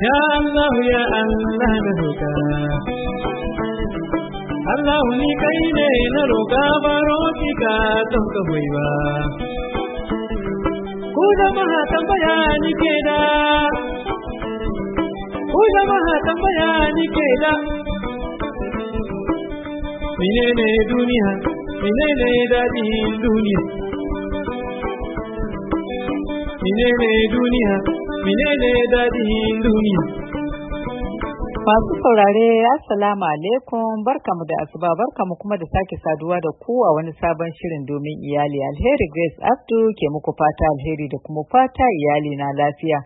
Ya Allah ya Allah na roƙa Allah ni kai ne na roƙa baro ki ka don ka bai ba Ku jama'a tambaya ni ke da tambaya ni duniya duniya duniya menene duniya Masu saurare, Assalamu alaikum, barkamu da asuba, barkamu kuma da sake saduwa da kowa wani sabon shirin domin iyali alheri Grace Abdu ke muku fata alheri da kuma fata iyali na lafiya.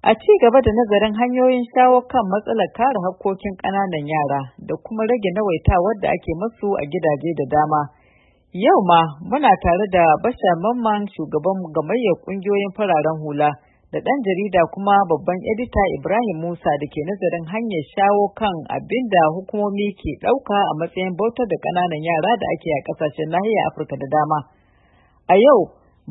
A ci gaba da nazarin hanyoyin shawo kan matsalar kare hakkokin ƙananan yara da kuma rage nawaitawar wadda ake masu a gidaje da dama. Yau ma muna tare da Bashar Mamman shugaban gamayyar ƙungiyoyin fararen hula. da ɗan jarida kuma babban edita Ibrahim Musa da ke nazarin hanyar shawo kan abin da hukumomi ke ɗauka a matsayin bautar da ƙananan yara da ake a ƙasashen nahiyar Afirka da dama. A yau,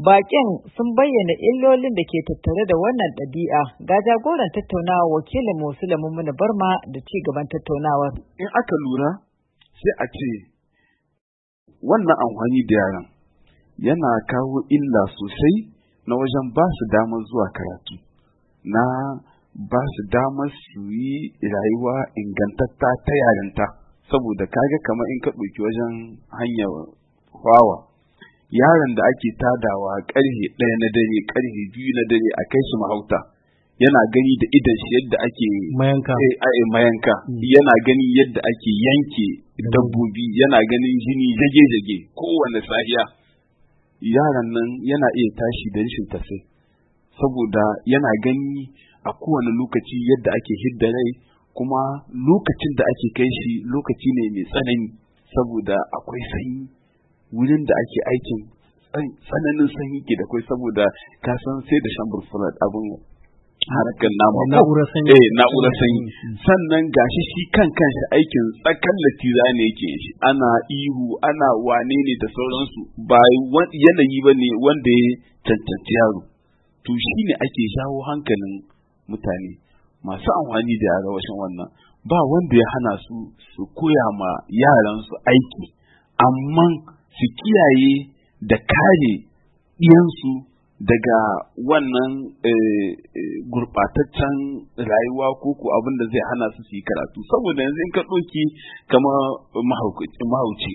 baƙin sun bayyana illolin da ke tattare da wannan ɗabi'a ga jagoran tattaunawa wakilin Musu Lamumuna Barma da ci gaban tattaunawar. In aka lura, sai a ce wannan amfani da yaran yana kawo illa sosai na wajen ba su damar zuwa karatu na ba su damar su yi rayuwa ingantatta ta yarinta saboda kaga kamar in ka ɗauki wajen hanyar hawa yaron da ake tadawa ƙarfe ɗaya na dare ƙarfe biyu na dare a kai su mahauta yana gani da idan shi yadda ake mayanka eh, eh, mayanka hmm. yana gani yadda ake yanke dabbobi yana ganin jini jage-jage kowane safiya yaran nan yana iya tashi da rashin tafe, saboda yana gani a kowane lokaci yadda ake hidda rai kuma lokacin da ake kai shi lokaci ne mai tsanani saboda akwai sanyi wurin da ake aikin tsananin sanyi ke da kai saboda ka san sai da shan burfulat abin harkar nama na'urar sanyi eh na'urar sanyi sannan gashi shi kan kanshi aikin tsakan latiza ne yake shi ana ihu ana wane ne da sauransu ba yanayi ba ne wanda ya cancanci yaro to shi ne ake shawo hankalin mutane masu amfani da yara washin wannan ba wanda ya hana su su koya ma yaran su aiki amma su kiyaye da kare ɗiyansu daga wannan eh, eh, gurɓataccen rayuwa ko ko abin da zai hana su yi karatu saboda yanzu in ka ɗauki kama mahauci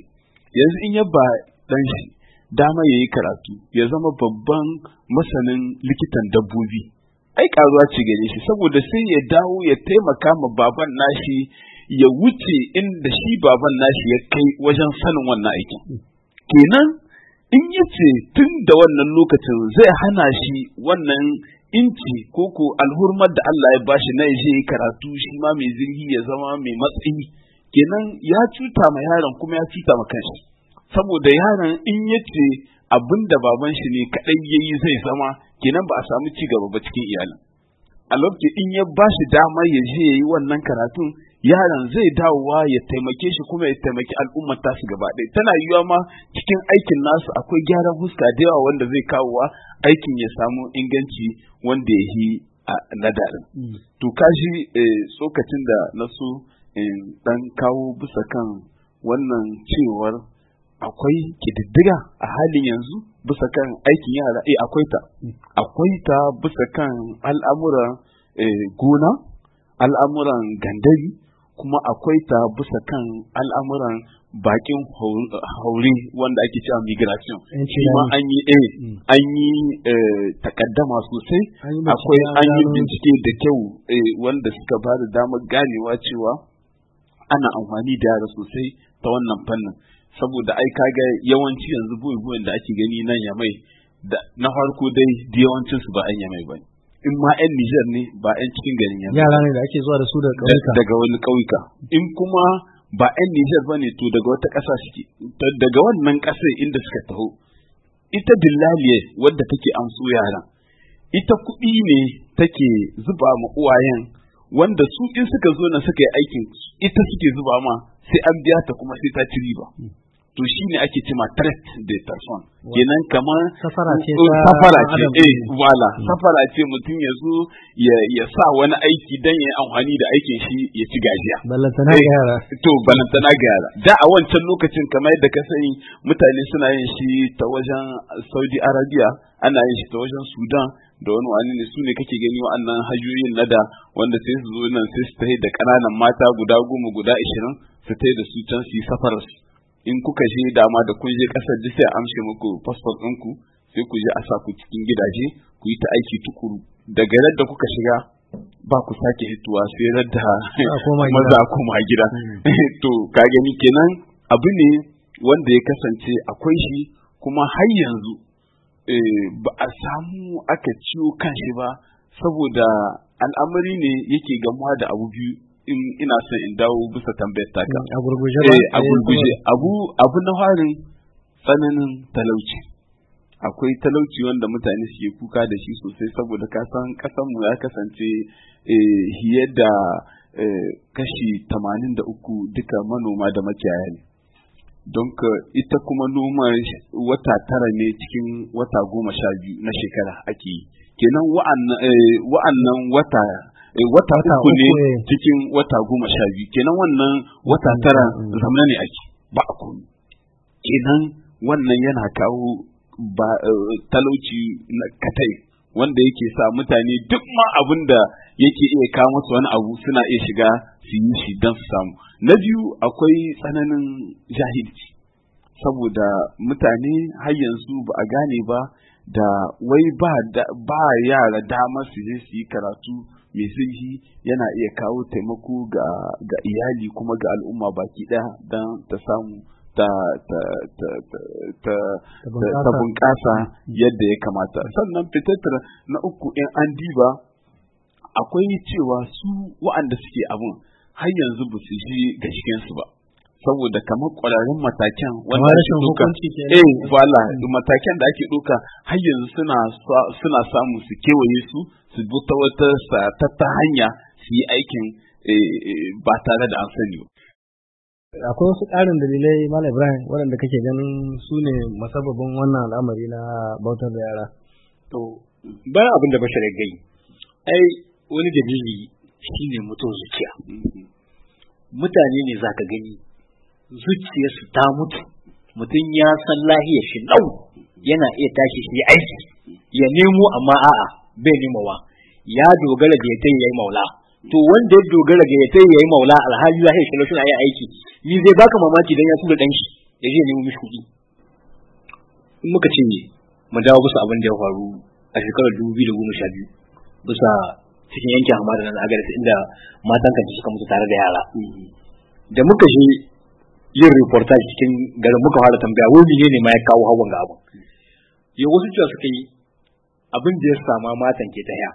yanzu in yabba ɗan shi dama ya yi karatu ya zama babban masanin likitan dabbobi ai karuwa ce gare shi saboda sai ya dawo ya taimaka ma baban nashi ya wuce inda shi baban nashi ya kai wajen sanin wannan aikin kenan in yace tun da wannan lokacin zai hana shi wannan inci ko ko alhurmar da Allah ya bashi na je karatu shi ma mai zirgi ya zama mai matsayi kenan ya cuta ma yaron kuma ya cuta ma kanshi saboda yaron in yace ce abin da baban shi ne kadai yayi zai zama kenan ba a samu ci gaba ba cikin iyalin a lokacin in ya bashi dama ya je wannan karatun Yaran zai dawowa ya taimake shi kuma ya taimaki al'ummar tasu gaba ɗaya tana yiwuwa ma cikin aikin nasu akwai gyaran huska da yawa wanda zai kawowa aikin ya samu inganci wanda ya yi a nadarin mm. to kashi eh, tsokacin da na so dan kawo bisa kan wannan cewar akwai kididdiga a halin yanzu bisa kan aikin yara eh akwai ta mm. akwai ta bisa kan al'amuran eh, gona al'amuran gandari kuma akwai ta bisa kan al'amuran bakin hauri wanda ake cewa migration kuma eh, an yi eh mm. an yi eh, takaddama sosai akwai an yi bincike da kyau eh, wanda suka ba da damar ganewa cewa ana amfani da yara sosai ta wannan fannin saboda ai ga yawanci yanzu buwa da ake gani nan yamai na farko dai da yawancinsu ba an yamai ba in ma 'yan Nijar ne ba 'yan cikin garin Yamai. Yara ne da ake zuwa da su daga ƙauyuka. Daga wani ƙauyuka. In kuma ba 'yan Nijar ba ne to daga wata ƙasa suke. Daga wannan ƙasa inda suka taho. Ita dillaliye wadda take amso yara Ita kuɗi ne take zuba ma uwayen wanda su in suka zo na suka yi aikin ita suke zuba ma sai an biya ta kuma sai ta ci riba. Hmm. to shi ne ake cima traite de person kenan kama safara ce eh wala eh, safara ce mutum ya zo ya sa wani aiki dan ya amfani da aikin shi ya ci gajiya balantana eh, ga yara to balantana ga yara da a wancan lokacin kamar yadda ka sani mutane suna yin shi ta wajen Saudi Arabia ana yin shi ta wajen Sudan da wani wani ne su ne kake gani wa'annan hajoyin na da wanda sai su zo nan sai su tahi da kananan mata guda goma guda ashirin su tahi da su can su yi safararsu in kuka je dama da kun je kasar ji sai amshe muku passport ɗinku sai ku je a sa ku cikin gidaje ku yi ta aiki tukuru daga yadda kuka shiga ba ku sake hituwa sai yadda maza kuma gida hmm. to ka gani kenan abu ne wanda ya kasance akwai shi kuma har yanzu eh, ba a samu aka ciwo kan shi ba saboda al'amari ne yake gamuwa da abu biyu in ina son in dawo bisa tambayar taka mm, a eh, eh, gurguje abu abu na harin tsananin talauci akwai talauci wanda mutane suke kuka da shi sosai saboda kasan kasan mu ya kasance hiyar eh, da kashi tamanin da uku duka manoma da makiyaya ne don ita kuma noma wata tara ne cikin wata goma sha biyu na shekara ake yi kenan wa'annan wata Eh, wata uku ne eh. cikin wata goma sha biyu kenan wannan wata tara eh. zamna ne ake ba a komi kenan wannan yana kawo ba talauci na katai wanda yake sa mutane duk ma abin da yake iya kawo musu wani abu suna iya shiga su yi shi don su samu na biyu akwai tsananin jahilci saboda mutane har yanzu ba a gane ba da wai ba yara dama su je su yi karatu mai sulhi yana iya kawo taimako ga, iyali kuma ga al'umma baki ɗaya don ta samu ta bunƙasa mm. yadda ya kamata sannan fitattar na uku in an diba akwai cewa su wa'anda suke abin har yanzu ba su ji ga cikinsu ba saboda kamar ƙwararrun matakan wanda ake duka eh wala matakan da ake duka har yanzu suna suna samu su kewaye su su bi ta wata ta hanya su yi aikin eh, eh, ba tare da an sani ba akwai wasu ƙarin dalilai Malam ibrahim waɗanda kake ganin su ne masababin wannan al'amari na bautar da yara to bayan abin da bashir gai ai wani dalili shine mutum zuciya mm-hmm. mutane ne zaka gani zuciyarsu ta mutu mutum ya san lahiyar shi ɗau, yana iya tashi shi aiki ya nemo amma a'a bai nemowa ya dogara da ya ta yi maula to wanda ya dogara da ya ta yayi maula alhali lahiyar shi lau suna iya aiki ni zai baka mamaki dan ya tura dan shi ya je nemo mishi kuɗi in muka ce mu dawo bisa abin da ya faru a shekarar dubu biyu da goma sha biyu bisa cikin yankin hamada nan agarta inda matan kanta suka mutu tare da yara mm-hmm. da muka je yin reportage cikin garin muka fara tambaya wai ne ma ya kawo hawan ga abin ya wasu cewa suka yi abin da ya sama matan ke ta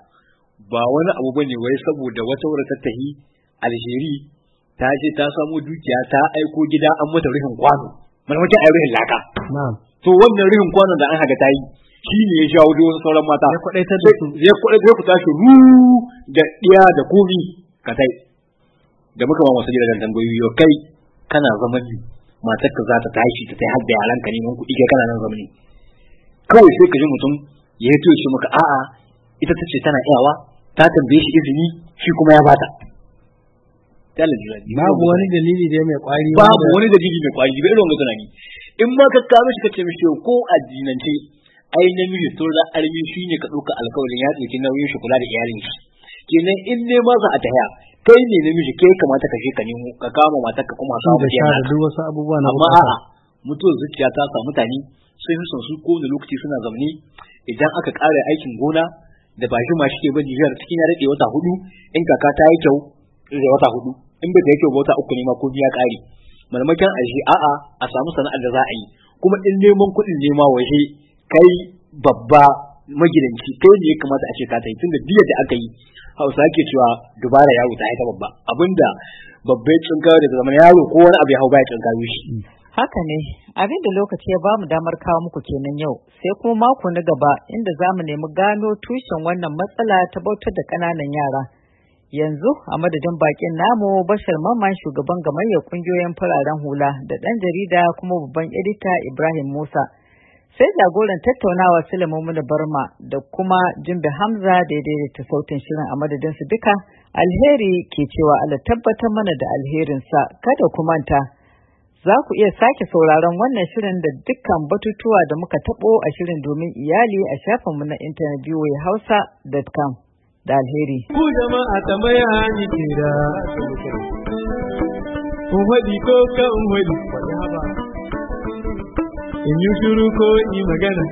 ba wani abu bane wai saboda wata wura tattahi Algeria ta ce ta samo dukiya ta aiko gida an mata ruhin kwano malamakin ayi ruhin laka to wannan ruhin kwano da an haga ta yi shi ne ya shawo da wani sauran mata ya kwadaitar da su ya kwadaitar ku tashi ru da ɗiya, da kofi ka tai da muka ba masu gidajen tambayoyi kai kana zaman ne matar ka za ta tashi ta tai hadda yaran ka neman kuɗi kai kana nan zaman ne kawai sai ka ji mutum ya yi tushe maka a'a ita ta ce tana iyawa ta tambaye shi izini shi kuma ya bata babu wani dalili da mai kwari babu wani dalili mai kwari ba irin wannan in ma ka kawo shi ka ce mishi ko addinance ai namiji to da shi ne ka ɗauka alƙawarin ya tsike nauyin shi kula da iyalin shi kenan in ne ma za a tahaya kai ne namiji kai kamata ka je ka nemo ka kama mata ka kuma sa da duk wasu abubuwa na amma a'a mutuwar zuciya ta sa mutane sai su san su ko da lokaci suna zamani idan aka kare aikin gona da ba shi ma shi ke bari jihar cikin ya daɗe wata hudu in kaka ta yi kyau da wata hudu in bai da yake wata uku ne ma ko biya kare malmakin aje a'a a samu sana'ar da za a yi kuma in neman kuɗin nema waje kai babba magidanci kai ne ya kamata a ce ka ta yi tunda biya da aka yi hausa ke cewa dubara yaro ta haika babba abinda babba ya tsinkaro da zaman yaro ko wani abu ya hau baya tsinkaro shi. Mm. haka ne abin da lokaci ya bamu damar kawo muku kenan yau sai kuma mako na gaba inda za mu nemi gano tushen wannan matsala ta bautar da ƙananan yara yanzu a madadin bakin namu bashar mamman shugaban gamayyar kungiyoyin fararen hula da ɗan jarida kuma babban edita ibrahim musa sai jagoran tattaunawa Sulaiman Barma da kuma Jimbe Hamza da ya daidaita sautin shirin a madadin su duka alheri ke cewa ala tabbatar mana da alherinsa kada ku manta za ku iya sake sauraron wannan shirin da dukkan batutuwa da muka tabo a shirin domin iyali a shafinmu na intanet hausa.com da alheri. Ku jama'a tambaya ni ke ko ko kan in yi shuru ko in yi magana